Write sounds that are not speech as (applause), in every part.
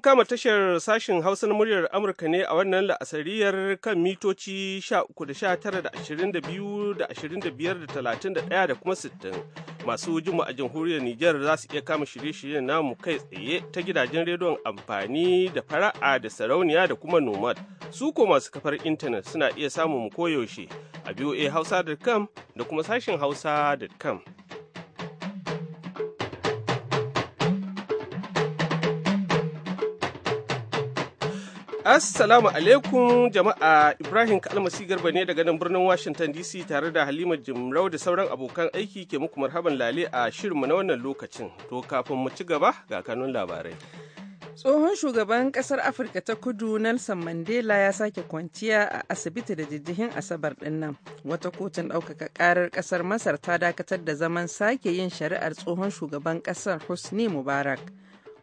kama tashar sashen Hausa na muryar Amurka ne a wannan la'asariyar kan mitoci 13 da 22 da 25 da 31 da kuma 60. Masu jimu a jamhuriyar Nijar za su iya kama shirye-shiryen namu kai tsaye ta gidajen rediyon amfani da fara'a da sarauniya da kuma nomad. Su ko masu kafar intanet suna iya samun koyaushe a hausa.com da kuma sashen hausa.com. Assalamu alaikum jama'a Ibrahim Kalmasi Garba ne daga nan birnin Washington DC tare da Halima Jimrau da sauran abokan aiki ke muku marhaban lale a shirinmu na wannan lokacin. To kafin mu ci gaba ga kanun labarai. Tsohon shugaban kasar Afirka ta kudu Nelson Mandela ya sake kwanciya a asibiti da jijjihin Asabar din nan. Wata kotun ɗaukaka ƙarar ƙasar Masar ta dakatar da zaman sake yin shari'ar tsohon shugaban ƙasar Hosni Mubarak.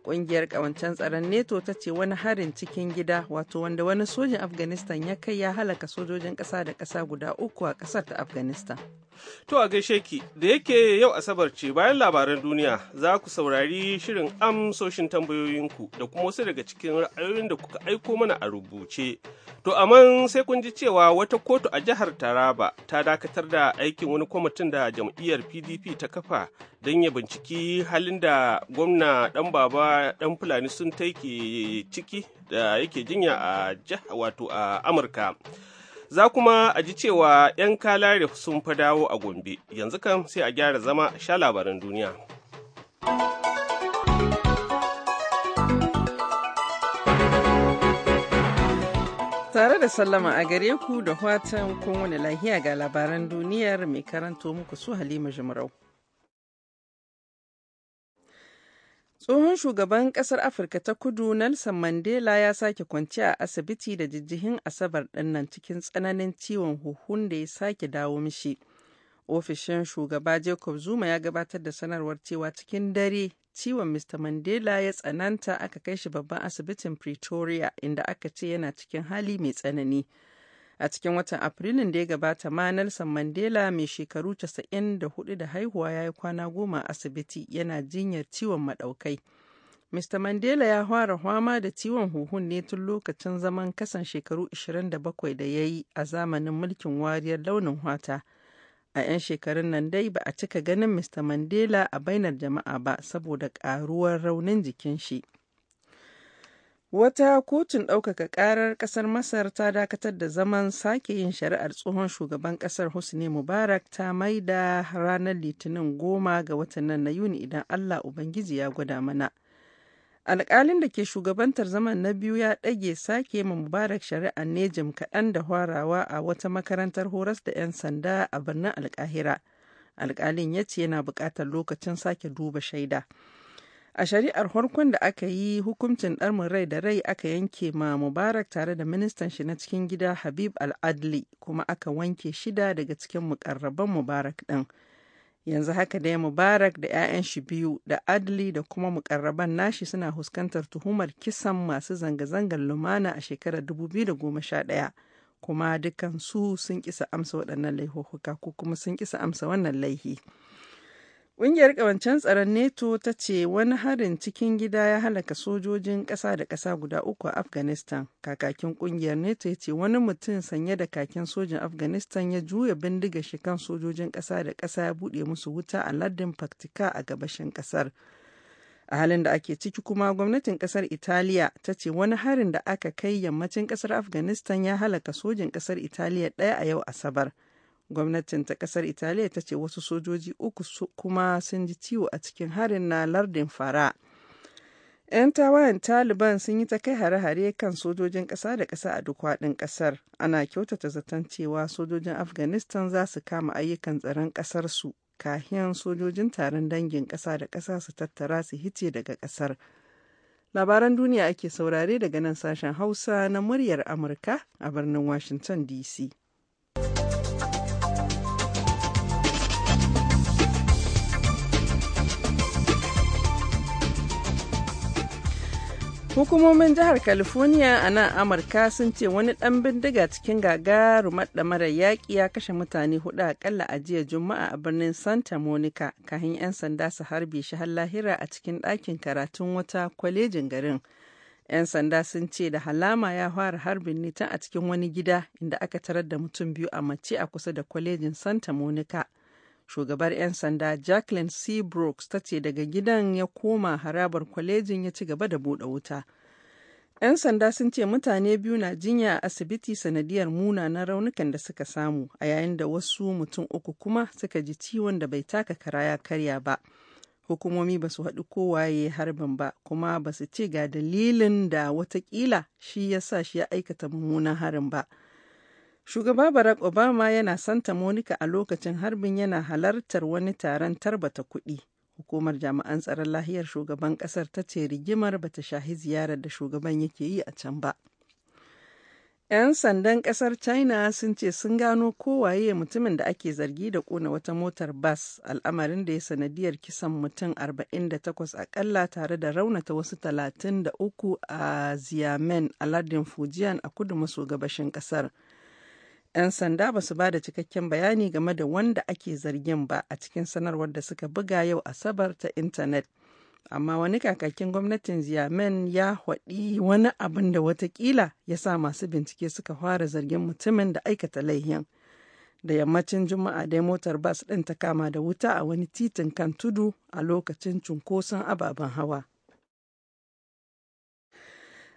Ƙungiyar ƙawancen tsaron neto ta ce wani harin cikin gida wato wanda wani sojin Afghanistan ya kai ya halaka sojojin ƙasa da ƙasa guda uku a ƙasar ta Afghanistan. To a gaishe ki da yake yau Asabar ce bayan labaran duniya za ku saurari shirin amsoshin tambayoyinku da kuma wasu daga cikin ra'ayoyin da kuka aiko mana a rubuce. To amma sai kun ji cewa wata kotu a jihar Taraba ta dakatar da aikin wani kwamitin da jam'iyyar PDP ta kafa don ya binciki halin da gwamna dan baba dan Fulani sun taike ciki da yake jinya a wato a Amurka. Za kuma a ji cewa 'yan kalare sun fa dawo a Gombe, yanzu kan sai a gyara zama sha labaran duniya. Tare da sallama a gare ku da watan kowane lahiya ga labaran duniyar mai karanto muku su Halima Jimarau. Tsohon shugaban ƙasar Afirka ta kudu Nelson Mandela ya sake kwanciya a asibiti da jijjihin Asabar ɗinnan cikin tsananin ciwon huhun da ya sake dawo mishi. Ofishin shugaba Jacob Zuma ya gabatar da sanarwar cewa cikin dare ciwon Mr. Mandela ya tsananta aka kai shi babban asibitin Pretoria inda aka ce yana cikin hali mai tsanani. a cikin watan afrilun da ya gabata ma nelson mandela mai shekaru 94 da haihuwa ya yi kwana goma a asibiti yana jinyar ciwon maɗaukai mr mandela ya fara hwama da ciwon huhun ne tun lokacin zaman kasan shekaru 27 da ya yi a zamanin mulkin wariyar launin hwata a 'yan shekarun nan dai ba a cika ganin mr mandela a bainar jama'a ba saboda ƙaruwar raunin jikin shi. Wata kotun ɗaukaka ƙarar ƙasar Masar ta dakatar da zaman sake yin shari'ar tsohon shugaban ƙasar Hosni Mubarak ta maida ranar Litinin goma ga watan na Yuni idan Allah Ubangiji ya gwada mana. Alƙalin da ke shugabantar zaman na biyu ya ɗage sake ma Mubarak shari'a ne jim kaɗan da hwarawa a wata makarantar horas da 'yan sanda a birnin Alkahira. Alƙalin ya ce yana buƙatar lokacin sake duba shaida. A shari'ar harkon da aka yi hukuncin ɗarmin rai da rai aka yanke ma Mubarak tare da ministan shi na cikin gida Habib Al-Adli kuma aka wanke shida daga cikin mukarraban Mubarak ɗin. Yanzu haka dai Mubarak da 'ya'yan shi biyu da Adli da kuma mukarraban nashi suna huskantar tuhumar kisan masu zanga-zangar lumana a shekarar 2011 kuma dukansu sun kisa amsa waɗannan laihuhuka ko kuma sun kisa amsa wannan laihi. Ƙungiyar ƙawancen tsaron NATO ta ce wani harin cikin gida ya halaka sojojin ƙasa da ƙasa guda uku a Afghanistan. Kakakin ƙungiyar NATO ya ce wani mutum sanye da kakin sojin Afghanistan ya juya bindiga shi kan sojojin ƙasa da ƙasa ya buɗe musu wuta a lardin Faktika a gabashin ƙasar. A halin da ake ciki kuma gwamnatin ƙasar Italiya ta ce wani harin da aka kai yammacin ƙasar Afghanistan ya halaka sojin ƙasar Italiya ɗaya a yau Asabar. gwamnatin ta kasar italiya ta ce wasu sojoji uku kuma sun ji ciwo a cikin harin na lardin fara 'yan tawayen taliban sun yi ta kai hare-hare kan sojojin kasa da kasa a duk faɗin ƙasar ana kyautata zaton cewa sojojin afghanistan za su kama ayyukan tsaron su kahiyan sojojin taron dangin ƙasa da ƙasa su tattara su hice daga ƙasar labaran duniya ake saurare daga nan sashen hausa na muryar amurka a birnin washington dc Hukumomin jihar California a nan Amurka sun ce wani ɗan bindiga cikin gagarumar ɗamarar yaƙi ya kashe mutane hudu akalla a jiya Juma'a a birnin Santa Monica kahin 'yan sanda su harbe shi har lahira a cikin ɗakin karatun wata kwalejin garin. 'Yan sanda sun ce da halama ya fara harbin ne tun a cikin wani gida inda aka tarar da mutum biyu a mace a kusa da kwalejin Santa Monica. shugabar 'yan sanda jacqueline c brooks ta ce daga gidan ya koma harabar kwalejin ya ci gaba da buɗe wuta 'yan sanda sun ce mutane biyu na jinya a asibiti sanadiyar munanan raunukan da suka samu a yayin da wasu mutum uku kuma suka ji ciwon da bai taka karaya karya ba hukumomi ba su haɗu kowaye harbin ba kuma ba su ce ga dalilin da watakila shi ya sa shi ya aikata mummunan harin ba. Shugaba Barack Obama yana Santa Monica a lokacin harbin yana halartar wani taron tarbata kuɗi. Hukumar jami'an tsaron lahiyar shugaban ƙasar ta ce rigimar bata shahi ziyarar da shugaban yake yi a can ba. 'Yan sandan ƙasar China sun ce sun gano kowaye mutumin da ake zargi da ƙona wata motar bas al'amarin da ya sanadiyar kisan mutum 48 akalla tare da raunata wasu 33 a Xiamen a lardin Fujian a kudu maso gabashin ƙasar. 'Yan sanda ba su ba da cikakken bayani game da wanda ake zargin ba a cikin sanarwar da suka buga yau Asabar ta intanet. Amma wani kakakin gwamnatin ziyamen ya haɗi wani abin da watakila ya sa masu bincike suka fara zargin mutumin da aikata laihin. Da yammacin Juma'a dai motar bas ɗin ta kama da wuta a wani titin kan tudu a lokacin cunkoson ababen hawa.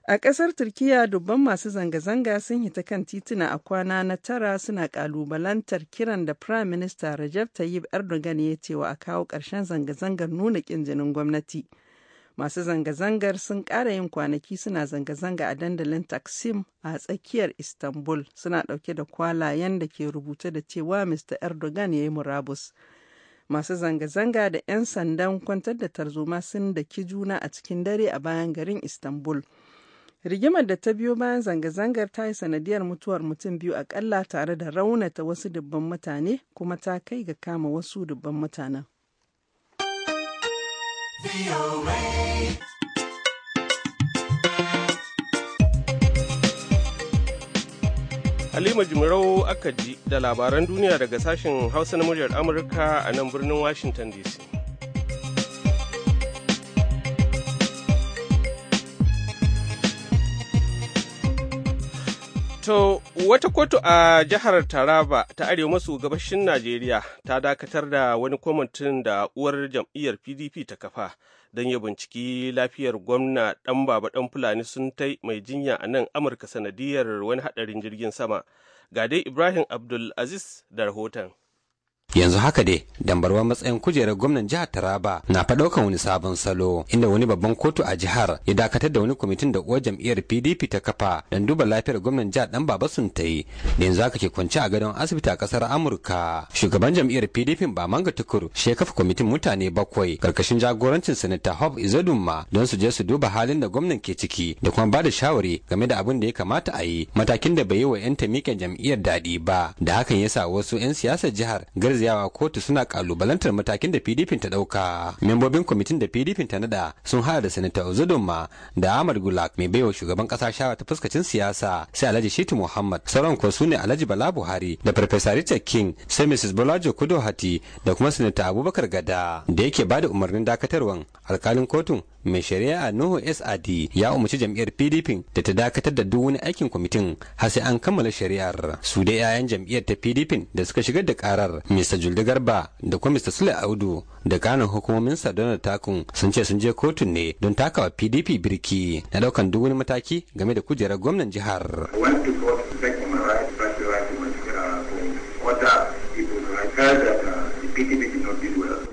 A ƙasar Turkiyya dubban masu zanga-zanga sun hita kan tituna a kwana na tara suna ƙalubalantar kiran da Prime Minister Recep Tayyip Erdogan ya ce wa a kawo ƙarshen zanga-zangar nuna ƙin jinin gwamnati. Masu zanga-zangar sun ƙara yin kwanaki suna zanga-zanga a dandalin Taksim a tsakiyar Istanbul suna ɗauke da kwalayen da ke rubuta da cewa Mr. Erdogan ya yi murabus. masu zanga-zanga da 'yan sandan kwantar da tarzoma sun daki juna a cikin dare a bayan garin istanbul Rigimar da ta biyo bayan zanga-zangar ta yi sanadiyar mutuwar mutum biyu akalla tare da raunata wasu dubban mutane kuma ta kai ga kama wasu dubban mutanen. Halima Jumarau aka ji da labaran duniya daga sashen Hausa na muryar Amurka a nan birnin Washington DC. To, wata kotu a jihar Taraba ta arewa maso gabashin Najeriya ta dakatar da wani kwamitin da uwar jam'iyyar PDP ta kafa don ya binciki lafiyar gwamna ɗan baba ɗan Fulani sun tai mai jinya a nan Amurka sanadiyar wani haɗarin jirgin sama. Gade Ibrahim Abdul Aziz da rahoton. yanzu haka dai dambarwa matsayin kujerar gwamnan jihar taraba na faɗaukan wani sabon salo inda wani babban kotu a jihar ya dakatar da wani kwamitin da uwar jam'iyyar pdp ta kafa don duba lafiyar gwamnan jihar dan baba sun ta yi da yanzu haka ke kwance a gadon asibiti a ƙasar amurka shugaban jam'iyyar pdp ba manga tukur shi ya kafa kwamitin mutane bakwai karkashin jagorancin sanata hob izodunma don su je su duba halin da gwamnan ke ciki da kuma ba da shawari game da abin da ya kamata a yi matakin da bai yi wa 'yan tamiƙen jam'iyyar daɗi ba da hakan ya sa wasu 'yan siyasar jihar garzi garzayawa kotu suna kalubalantar matakin da pdp ta dauka membobin kwamitin da pdp ta nada sun hada da sanata uzudunma da ahmad gulak mai baiwa shugaban kasa shawa ta fuskacin siyasa sai alhaji shitu muhammad sauran kuwa su ne alhaji bala buhari da farfesa richard king sai mrs bolajo kudohati da kuma sanata abubakar gada da yake bada umarnin dakatarwan alkalin kotun mai shari'a nuhu sad ya umarci jam'iyyar pdp da ta dakatar da duk wani aikin kwamitin har sai an kammala shari'ar su da 'ya'yan jam'iyyar ta pdp da suka shigar da karar mai mr julde garba da kuma mr sule audu da kanin hukumomin sardauna takun sun ce sun je kotun ne don takawa pdp birki na daukan duk wani mataki game da kujerar gwamnan jihar wadda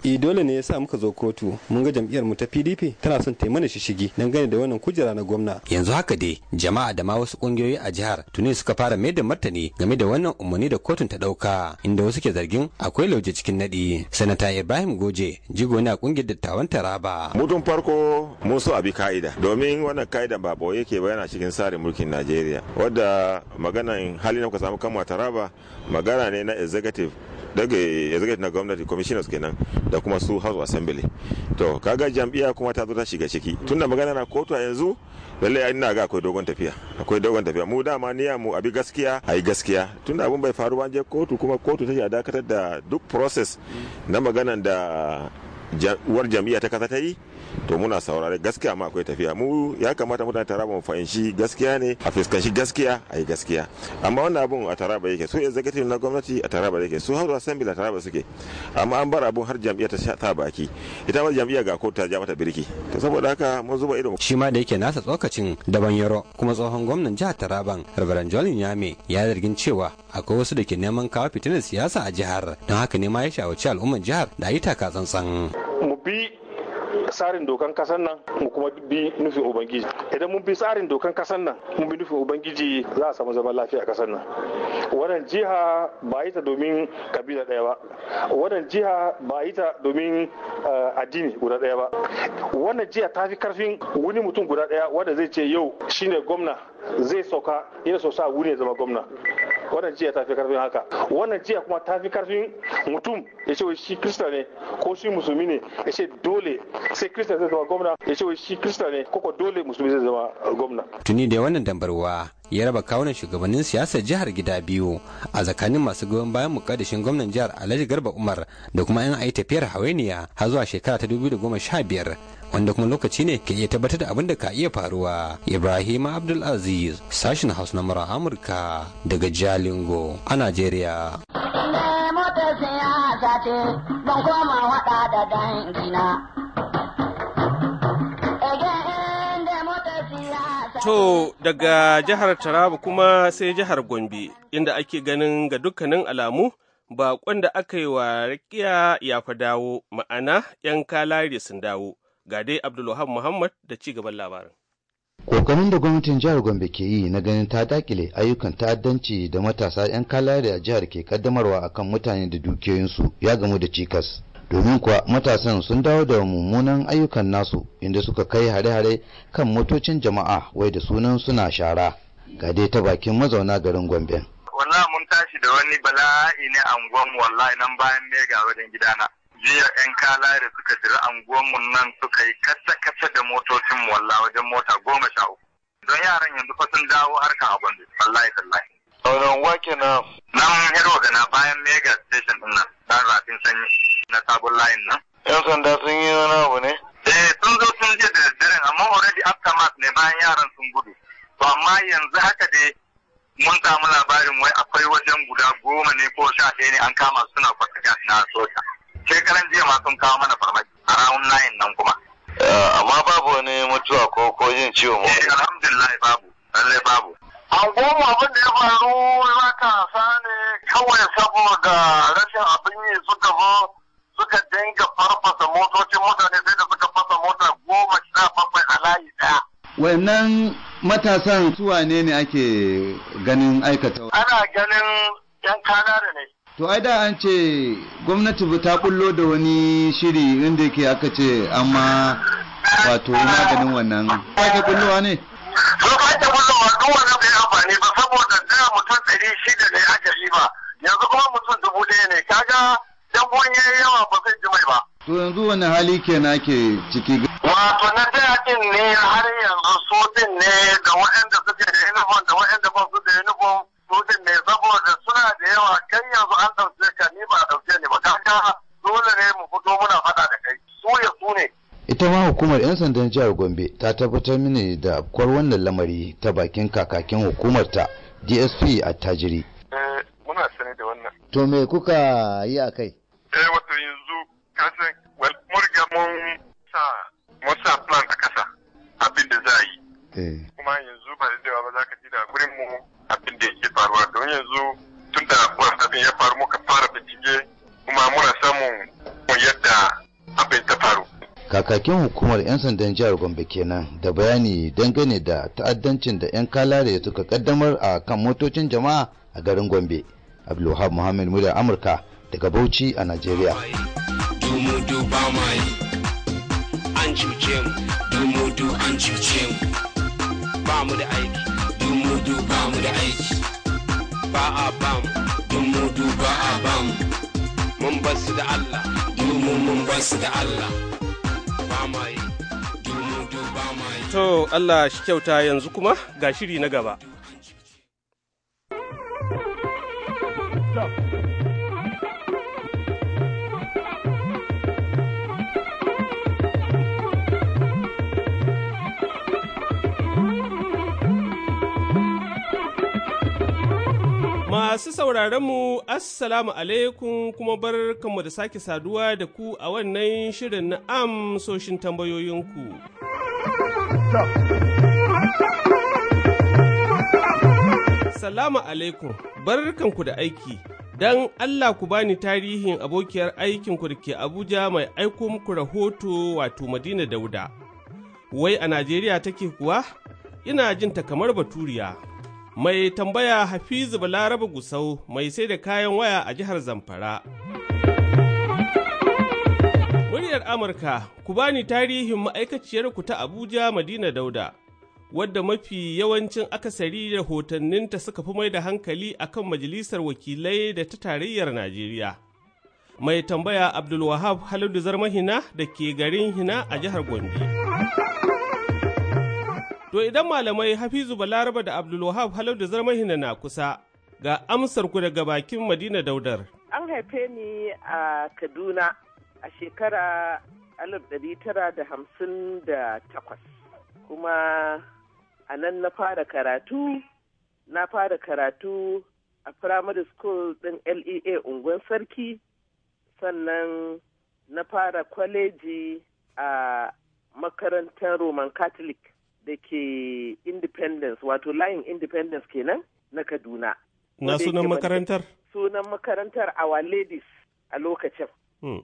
E dole ne ya sa muka zo kotu mun ga jam'iyyar mu ta PDP tana son ta mana shishigi dangane da wannan kujera na gwamna. Yanzu haka dai jama'a da ma wasu kungiyoyi a jihar tuni suka fara mai da martani game da wannan umarni da kotun ta dauka inda wasu ke zargin akwai lauje cikin nadi. Sanata Ibrahim Goje jigo ne a kungiyar dattawan Taraba. Mutum farko mun so abi ka'ida domin wannan ka'ida ba boye yake ba yana cikin tsarin mulkin Najeriya wanda maganan halin na muka samu kan Taraba magana ne na executive daga executive na gwamnati commissioners kenan da kuma su house assembly to kaga jam'iyya kuma ta zo ta shiga ciki tunda magana na kotu a yanzu lallai ina ga akwai dogon tafiya akwai dogon tafiya mu dama niyya mu abi gaskiya ayi gaskiya tunda abin bai faru an je kotu kuma kotu take dakatar da duk process na maganan da uwar jam'iyya ta kasa ta yi to muna saurare gaskiya ma akwai tafiya mu ya kamata mutane taraba mu fahimci gaskiya ne a fuskanci gaskiya a yi gaskiya amma wannan abun a taraba yake su executive na gwamnati a taraba yake su house assembly a taraba suke amma an bar abun har jam'iyya ta sa baki ita ma jam'iyya ga kota ta ja mata birki to saboda haka mun zuba ido shi ma da yake nasa tsokacin daban yaro kuma tsohon gwamnan jihar taraban rabaran jolin yame ya zargin cewa akwai wasu da ke neman kawo fitinin siyasa a jihar don haka ne ma ya shawarci al'umman jihar da yi taka tsantsan tsarin dokan kasan nan mu kuma bi nufin ubangiji idan mun bi tsarin dokan kasan nan mun bi nufin ubangiji za a samu zaman lafiya a kasan nan wannan jiha ba yi ta domin kabila daya ba wannan jiha ba yi ta domin eh, addini guda daya ba wannan jiha ta fi karfin wani mutum guda daya wanda zai ce yau shine gwamna zai sauka ina so sa wuri ya zama gwamna wannan jiya ta fi karfin haka wannan jiya kuma ta fi karfin mutum ya ce shi krista ne ko shi musulmi ne ya ce dole sai krista zai zama gwamna ya ce shi krista ne ko dole musulmi zai zama gwamna tuni da wannan dambarwa ya raba kawunan shugabannin siyasar jihar gida biyu a tsakanin masu goyon bayan mukaddashin gwamnan jihar alhaji garba umar da kuma yan ayi tafiyar hawainiya har zuwa shekara ta sha biyar. wanda kuma lokaci ne ke iya tabbatar da abin da ka iya faruwa ibrahim abdulaziz sashin house na mura amurka daga jalingo a najeriya eh, To daga jihar Taraba kuma sai jihar Gombe, inda ake ganin ga dukkanin alamu baƙon da aka yi wa rakiya ya fa dawo, ma'ana ‘yan kalari sun dawo. Ga dai Abdulwahab Muhammad da ci gaban labarin. Kokarin da gwamnatin jihar Gombe ke yi na ganin ta dakile ayyukan ta'addanci da matasa 'yan kalaya da jihar ke kaddamarwa akan mutane da dukiyoyinsu ya gamu da cikas. Domin kuwa matasan sun dawo da mummunan ayyukan nasu inda suka kai hare-hare kan motocin jama'a wai da sunan suna shara. Ga dai ta bakin mazauna garin Gombe. Wallahi mun tashi da wani bala'i ne a unguwan wallahi nan bayan mega wajen gidana. jiya yan kalare suka jira anguwanmu nan suka yi kasa-kasa da motocin walla wajen mota goma sha uku don yaran yanzu fa sun dawo harkan abin da wallahi sallahi sauran wake na nan hero gana bayan mega station din nan dan rafin sanyi na sabon layin nan yan sanda sun yi wani abu ne eh sun zo sun je da daddare, amma already aftermath ne bayan yaran sun gudu to amma yanzu haka dai mun samu labarin wai akwai wajen guda goma ne ko sha ɗaya ne an kama suna kwatanta na soja shekaran jiya ma sun kawo mana farmaki a rawun layin nan kuma. Eh, amma babu wani mutuwa ko ko yin ciwo mu. Eh, alhamdulillah babu lallai babu. an goma abin da ya faru za ka ne kawai saboda rashin abin yi suka zo suka dinga farfasa motocin mutane sai da suka fasa mota goma sha bakwai a layi ɗaya. wannan matasan suwa ne ne ake ganin aikata. ana ganin yan kana to ai da an ce gwamnati ta kullo da wani shiri inda yake aka ce amma wato maganin wannan sake kullowa ne sun sake kullowa duk wannan bai amfani ba saboda da mutum ɗari shida ne aka yi ba yanzu kuma mutum dubu ɗaya ne kaga dan ya yi yawa ba zai ji mai ba to yanzu wani hali kenan ke ciki wato na da din ne har yanzu su din ne da waɗanda suke da uniform da waɗanda ba su da uniform sojin ne saboda suna da yawa kan yanzu an ɗauke ka ni ba a ɗauke ni ba kaka dole ne mu fito muna faɗa da kai su ya su ne. ita ma hukumar 'yan sandan jihar gombe ta tabbatar mini da kwar wannan lamari ta bakin kakakin hukumar ta dsp a tajiri. Eh, muna sani da wannan. to me kuka yi a kai. eh wato yanzu kasan mun murga mun sa mun sa plan a kasa abin da za a yi. Eh. kuma yanzu ba da ba za ka ji da gurin mu kakakin hukumar 'yan sandan jihar gombe kenan da bayani dangane da ta'addancin da 'yan kalare suka kaddamar a kan motocin jama'a a garin gombe abdulwahab muhammad muda amurka daga bauchi a nigeria ba mu da aiki ba mu da aiki ba a ba a mun basu da Allah mun basu da Allah to Allah shi kyauta yanzu kuma ga shiri na gaba Masu sauraronmu, Assalamu alaikum kuma bar da sake saduwa da ku a wannan shirin na amsoshin tambayoyinku. Salamu alaikum, barkanku da aiki, don Allah ku bani tarihin abokiyar aikinku da ke Abuja mai aiko muku rahoto wato Madina Dauda. Wai a Najeriya take kuwa? Ina jin ta kamar baturiya. Mai tambaya Hafizu Balaraba Gusau mai sai da kayan waya a jihar Zamfara. Muryar Amurka, ku bani tarihin ma'aikaciyarku ta Abuja Madina Dauda, wadda mafi yawancin akasari da hotanninta suka fi mai da hankali akan majalisar wakilai da ta tarayyar Najeriya. Mai tambaya Abdulwahab Halidu Zarmahina da ke garin Hina a jihar Gombe. To idan malamai Hafizu Balaraba da Abdulwahab Halau da Zarmahina na kusa ga amsar ku daga bakin Madina Daudar. An haife ni a Kaduna a shekara alif da da hamsin takwas, kuma a nan na fara karatu na fara karatu a primary school ɗin LEA unguwar sarki sannan na fara kwaleji a makarantar Roman Catholic. da ke independence wato layin independence kenan na kaduna na sunan makarantar sunan makarantar our ladies a lokacin hmm.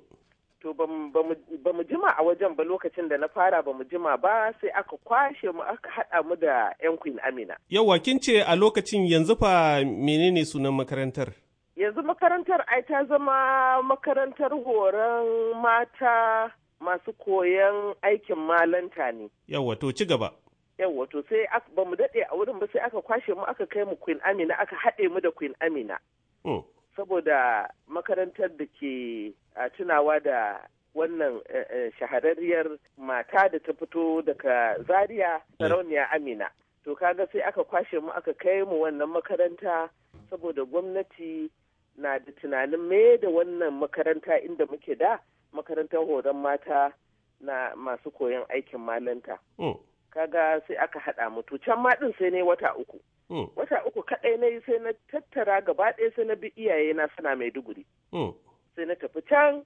to ba mu jima a wajen ba lokacin da na fara ba mu jima ba sai aka kwashe mu aka haɗa mu da 'yan queen amina yawa kin ce a lokacin yanzu fa menene sunan makarantar yanzu makarantar ai ta zama makarantar horon mata masu koyon aikin malanta ne yawa to ci gaba yawa to sai ba mu daɗe a wurin ba sai aka kwashe mu aka kai mu queen amina aka haɗe mu da queen amina oh. saboda makarantar da ke tunawa da wannan eh, eh, shahararriyar mata da ta fito daga zaria eh. sarauniya amina to kaga sai aka kwashe mu aka kai mu wannan makaranta saboda gwamnati na da tunanin me da wannan makaranta inda muke da makarantar horon mata na masu koyon aikin malanta. Oh. kaga sai aka haɗa mutu can ma ɗin sai ne wata uku hmm. wata uku kaɗai na yi sai na tattara gaba ɗaya sai na bi iyaye na suna maiduguri hmm. sai na tafi can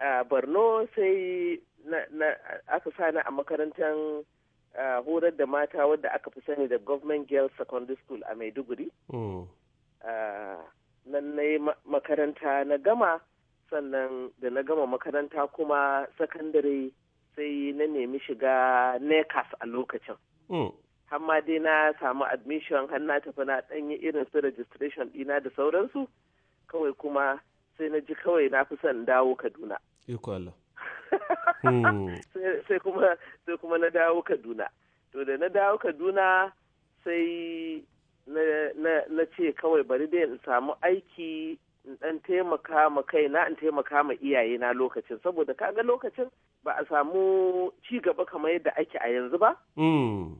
a borno sai aka sani a makarantar horar da mata wadda aka fi sani da government girls secondary school a maiduguri hmm. nan na yi makaranta na gama sannan da na gama makaranta kuma sakandare sai na nemi shiga nekas a lokacin hmm. har ma dai na samu admission har na tafi na ɗanyi irin su registration ɗina da sauransu kawai kuma sai na ji kawai na fi son dawo kaduna (laughs) hmm. sai kuma sai kuma na dawo kaduna to da na dawo kaduna sai na ce kawai bari dai in samu aiki in ɗan taimaka ma kai na in taimaka ma iyayena lokacin saboda kaga lokacin ba a samu ci gaba kamar yadda ake a yanzu ba mm.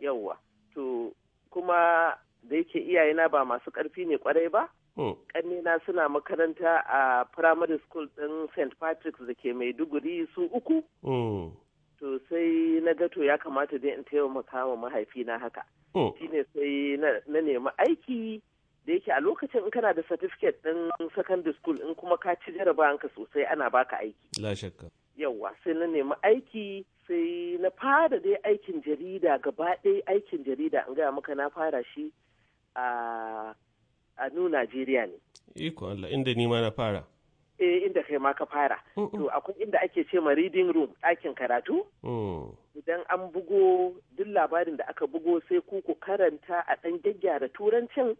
yawwa to kuma da yake iyayena ba masu ƙarfi ne kwarai ba mm. ƙannena suna makaranta a primary school ɗin st patrick's da ke maiduguri su uku mm. to sai na gato ya kamata dai in taimaka wa mahaifina haka shine sai na nemi aiki da yake a lokacin in kana da certificate din secondary school in kuma ka ci jarabawanka sosai ana baka aiki la shakka yawa sai na nemi aiki sai na fara dai aikin jarida gaba ɗaya aikin jarida an gaya maka na fara shi a a nu Najeriya ne iko Allah inda ni ma na fara eh inda kai ma ka fara to akwai inda ake ce ma reading room ɗakin karatu mm. idan an bugo duk labarin da aka bugo sai ku ku karanta a ɗan gyaggyara turancin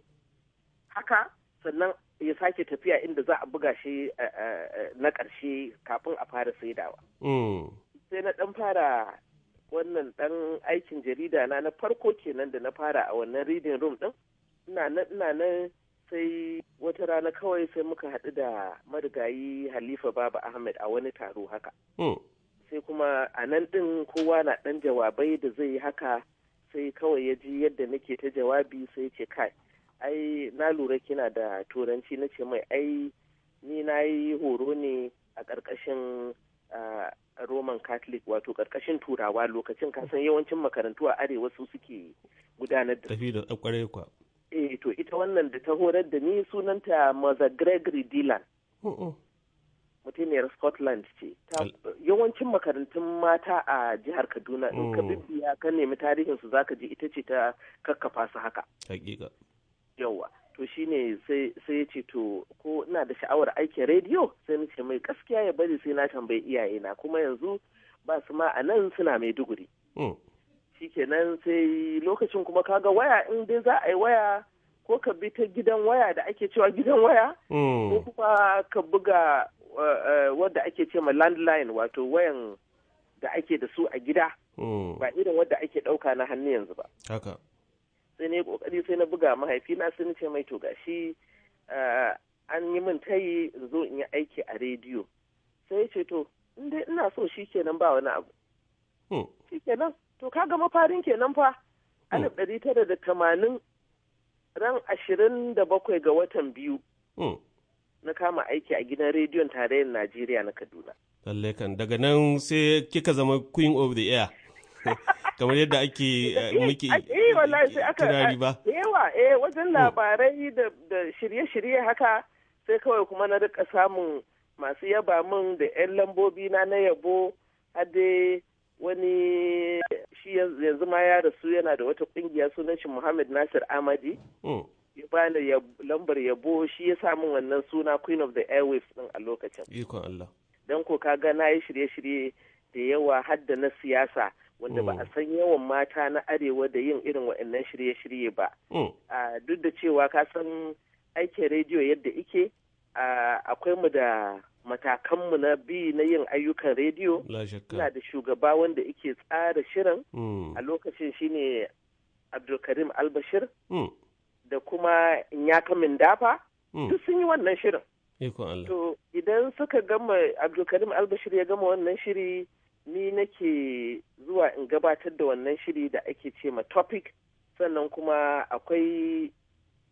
haka sannan ya sake tafiya inda za a buga shi eh, eh, na ƙarshe kafin a fara saidawa. Hmm. Sai na ɗan fara wannan ɗan aikin jarida na na farko kenan da na fara a wannan reading room ɗin. Ina nan nan sai wata rana kawai sai muka haɗu da marigayi Halifa Baba Ahmed a wani taro haka. Hmm. Sai kuma a nan ɗin kowa na ɗan jawabai da zai yi haka sai kawai ya ji yadda nake ta jawabi sai ce kai ai na lura kina da turanci na ce mai ai ni na yi horo ne a ƙarƙashin roman catholic wato ƙarƙashin turawa lokacin kasan yawancin makarantu a arewa su suke gudanar da tafi da tsakware eh, kwa eh to ita wannan da ta horar da ni sunanta maza gregory dillon oh, oh. mutumiyar scotland ce yawancin makarantun mata a jihar kaduna in ka oh. bibiya ka nemi tarihinsu zaka ji ita ce ta kakkafa su haka yawa to shine sai sai ya ce to ko ina da sha'awar aikin rediyo sai na ce mai gaskiya ya bari sai na tambayi iyaye na kuma yanzu ba su ma a nan suna mai duguri mm. shikenan sai lokacin kuma kaga waya in dai za a yi waya ko ka bi ta gidan waya da ake cewa gidan waya mm. ko kuma ka buga e, wadda ake ce landline wato wayan da ake da su a gida mm. ba irin wadda ake ɗauka na hannu yanzu ba. sai ne kokari sai na buga mahaifina sai na ce mai to gashi an yi min tayi zo in yi aiki a rediyo sai ya ce to in dai ina so shi kenan ba wani abu hmm. shi kenan to kaga mafarin kenan fa hmm. alif ɗari tara da tamanin ran ashirin da bakwai ga watan biyu hmm. na kama aiki a gidan rediyon tarayyar najeriya na kaduna lalle kan daga nan sai kika zama queen of the air (laughs) kamar yadda ake eh, muke tunani eh, ba. Eh, yawa eh wajen oh. labarai da shirye-shirye haka sai kawai kuma na rika samun masu yaba min da 'yan lambobi na na yabo hade wani shi yanzu ma ya rasu yana da wata kungiya sunan shi Muhammad Nasir Amadi. Oh. ya bani lambar yabo shi ya samun wannan suna Queen of the Airwaves din a lokacin. Ikon Allah. Don ko ga na yi shirye-shirye da yawa har na siyasa wanda ba a mm. san yawan mata na arewa da yin irin waɗannan shirye-shirye ba mm. duk da cewa ka san aikin rediyo yadda ike akwai mu da matakanmu na bi na yin ayyukan rediyo na da shugaba wanda ike tsara shirin mm. a lokacin shine abdulkarim albashir da kuma min dafa duk sun yi wannan shirin to idan suka gama abdulkarim albashir ya gama wannan shiri ni nake zuwa in gabatar da wannan shiri da ake ce ma topic sannan kuma akwai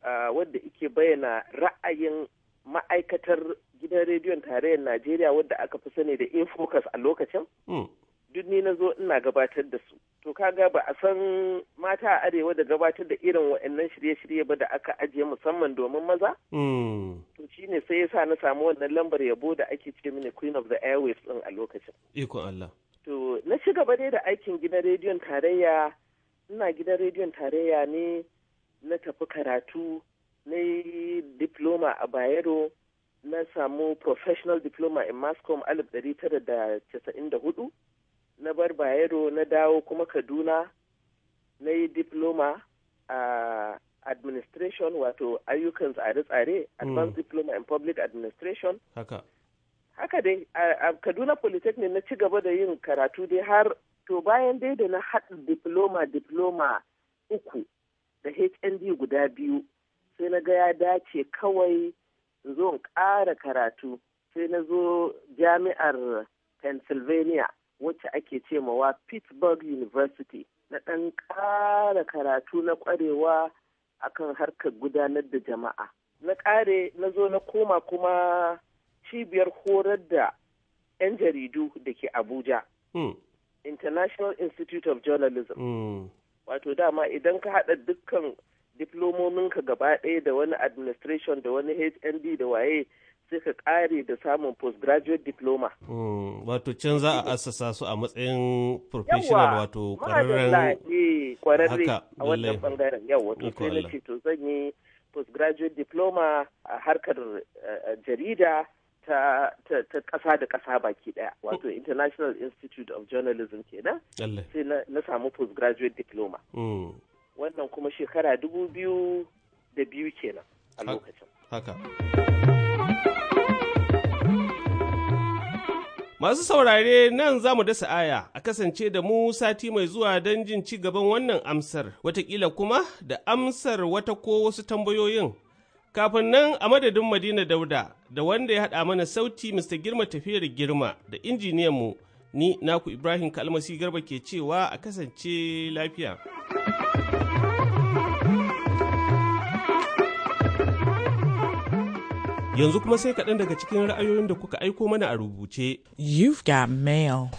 uh, wadda ike bayyana ra'ayin ma'aikatar gidan rediyon tarayyar najeriya wadda aka fi sani da infocus a lokacin hmm. duk ni na zo ina gabatar da su to kaga ba a san mata a arewa da gabatar da irin waɗannan shirye-shirye ba da aka ajiye musamman domin maza? Hmm. To shi ne sai yasa na samu wannan lambar yabo da ake ce mini Queen of the Airwaves ɗin a lokacin. Ikon Allah. To na ci gaba dai da aikin gidan rediyon tarayya, ina gidan rediyon tarayya ne na tafi karatu, na yi diploma a Bayero, na samu professional diploma in mascom 1994 alif ɗari tara da casa'in da hudu. na bar bayero na dawo kuma kaduna na yi diploma a administration wato ayyukan tsare-tsare hmm. advanced diploma in public administration haka haka dai a kaduna polytechnic na ci gaba da yin karatu dai har to bayan dai da na haɗa diploma diploma uku da hnd guda biyu sai na ga ya dace kawai zo in ƙara karatu sai na zo jami'ar pennsylvania wacce ake cemawa Pittsburgh University na ɗan ƙara karatu na ƙwarewa akan harkar gudanar da jama'a. Na ƙare na zo na koma kuma cibiyar horar da 'yan jaridu da ke Abuja. Hmm. International Institute of Journalism. Hmm. Wato dama idan ka haɗa dukkan diplomominka gaba ɗaya da wani administration da wani HND da waye sai ka ƙare da samun postgraduate diploma. Hmm, wato can za a assasa su a matsayin professional wato ƙwararren eh, haka a wannan ɓangaren yau wato sai na ce to zan yi postgraduate diploma a harkar eh, jarida ta ƙasa da ƙasa baki ɗaya wato International Institute of Journalism kenan sai na samu postgraduate diploma. Hmm. Wannan kuma shekara dubu biyu da biyu kenan a lokacin. Haka. Masu saurare nan za mu dasa aya a kasance da mu sati mai zuwa don jin ci gaban wannan amsar, watakila kuma da amsar wata ko wasu tambayoyin. Kafin nan a madadin Madina Dauda da wanda ya haɗa mana sauti Mr. Girma tafiyar girma da mu, ni naku Ibrahim Kalmasi Garba ke cewa a kasance lafiya. Yanzu kuma sai kaɗan daga cikin ra'ayoyin da kuka aiko mana a rubuce. You've got mail.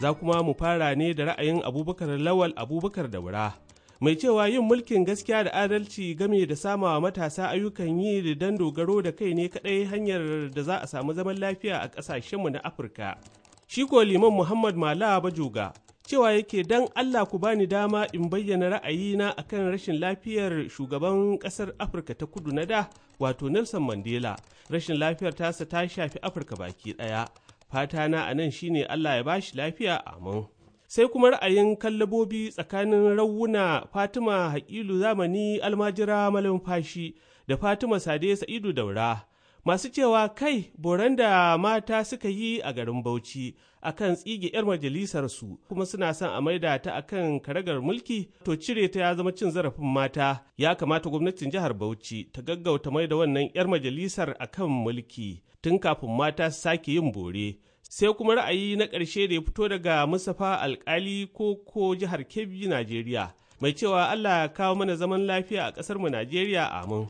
Za kuma mu fara ne da ra'ayin abubakar lawal abubakar da Wura. Mai cewa yin mulkin gaskiya da adalci game da samawa matasa ayyukan yi da dan dogaro da kai ne kaɗai hanyar da za a samu zaman lafiya a ƙasashenmu na Afirka. Shi ko liman Muhammad Mala Bajoga cewa yake don Allah ku bani dama in bayyana ra'ayina a kan rashin lafiyar shugaban ƙasar Afirka ta kudu na da wato Nelson Mandela rashin lafiyar tasa ta shafi Afirka baki ɗaya fata na anan shine Allah ya bashi lafiya amin sai kuma ra'ayin kallabobi tsakanin rawuna Fatima Hakilu zamani almajira malumfashi da Fatima Sade Sa'idu Daura masu cewa kai boran mata suka yi a garin Bauchi akan tsige 'yar majalisarsu kuma suna son a maida ta kan karagar mulki to cire ta ya zama cin zarafin mata ya kamata gwamnatin jihar Bauchi ta gaggauta mai da wannan 'yar majalisar akan mulki tun kafin mata su sake yin bore sai kuma ra'ayi na ƙarshe da ya fito daga Mustapha Alkali ko ko jihar Kebbi Najeriya mai cewa Allah ya kawo mana zaman lafiya a ƙasarmu mu Najeriya amin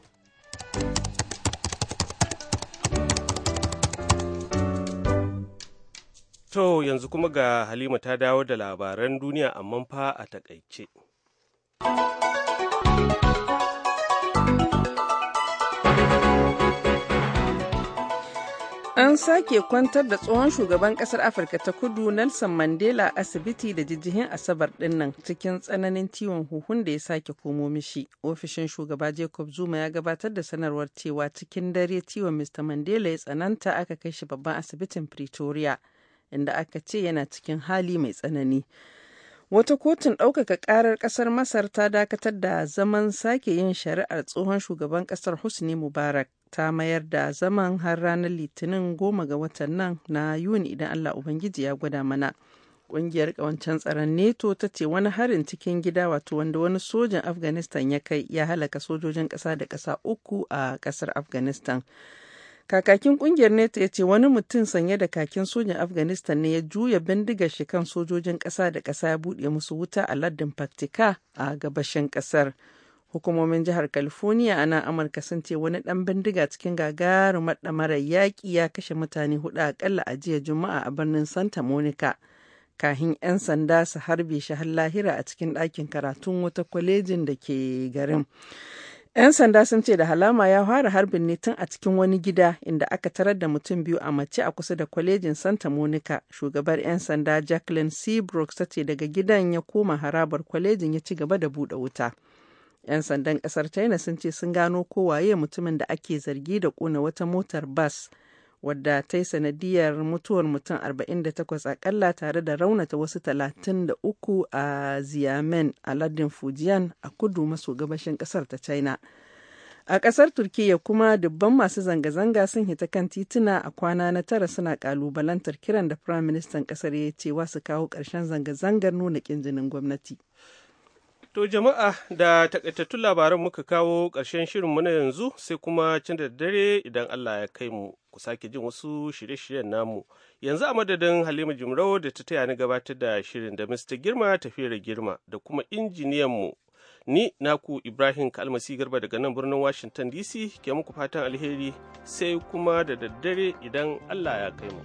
To yanzu kuma ga Halima ta dawo da labaran duniya amma fa a takaice. An sake kwantar da tsohon shugaban kasar Afirka ta kudu Nelson Mandela asibiti da jijihin Asabar dinnan cikin tsananin ciwon huhun da ya sake komo mishi. Ofishin shugaba Jacob Zuma ya gabatar da sanarwar cewa cikin dare ciwon Mr. Mandela ya tsananta aka kai shi babban asibitin Pretoria. inda aka ce yana cikin hali mai tsanani. Wata kotun ɗaukaka ƙarar ƙasar Masar ta dakatar da zaman sake yin shari'ar tsohon shugaban ƙasar Husni Mubarak ta mayar da zaman har ranar Litinin goma ga watan nan na Yuni idan Allah Ubangiji ya gwada mana. Ƙungiyar ƙawancen tsaron neto ta ce wani harin cikin gida wato wanda wani sojan Afghanistan ya kai ya halaka sojojin ƙasa da ƙasa uku a ƙasar Afghanistan. Kakakin kungiyar NATO ya ce wani mutum sanye da kakin sojan Afghanistan ne ya juya bindigar shi kan sojojin ƙasa da ƙasa ya buɗe musu wuta a lardin Paktika a gabashin ƙasar. Hukumomin jihar California ana Amurka sun ce wani ɗan bindiga cikin gagarumar ɗamarar yaƙi ya kashe mutane hudu aƙalla a jiya Juma'a a birnin Santa Monica. Kahin 'yan sanda su harbe shi har lahira a cikin ɗakin karatun wata kwalejin da ke garin. 'Yan sanda sun ce da halama ya fara harbin ne tun a cikin wani gida inda aka tarar da mutum biyu a mace a kusa da kwalejin Santa Monica. Shugabar 'yan sanda Jacqueline Seabrooks ta ce daga gidan ya koma harabar kwalejin ya ci gaba da buɗe wuta. 'Yan sandan ƙasar China sun ce sun gano kowaye mutumin da ake zargi da ƙona wata motar bas wadda ta yi sanadiyar mutuwar mutum 48 akalla tare da raunata wasu 33 a ziyamen a lardin Fujian a kudu maso gabashin kasar ta China. A kasar Turkiyya kuma dubban masu zanga-zanga sun hita kan tituna a kwana na tara suna kalubalantar kiran da prime minister kasar ya cewa su kawo karshen zanga-zangar nuna kinjinin gwamnati. To jama'a da takaitattun labaran muka kawo ƙarshen shirinmu na yanzu sai kuma can da dare idan Allah ya kai mu ku sake jin wasu shirye-shiryen namu yanzu a madadin halima jimrau da ta taya ni gabatar da shirin da mr girma ta fere girma da kuma injiniyanmu ni naku ibrahim kalmasi garba daga nan birnin washington dc ke muku fatan alheri sai kuma da daddare idan allah ya kai mu.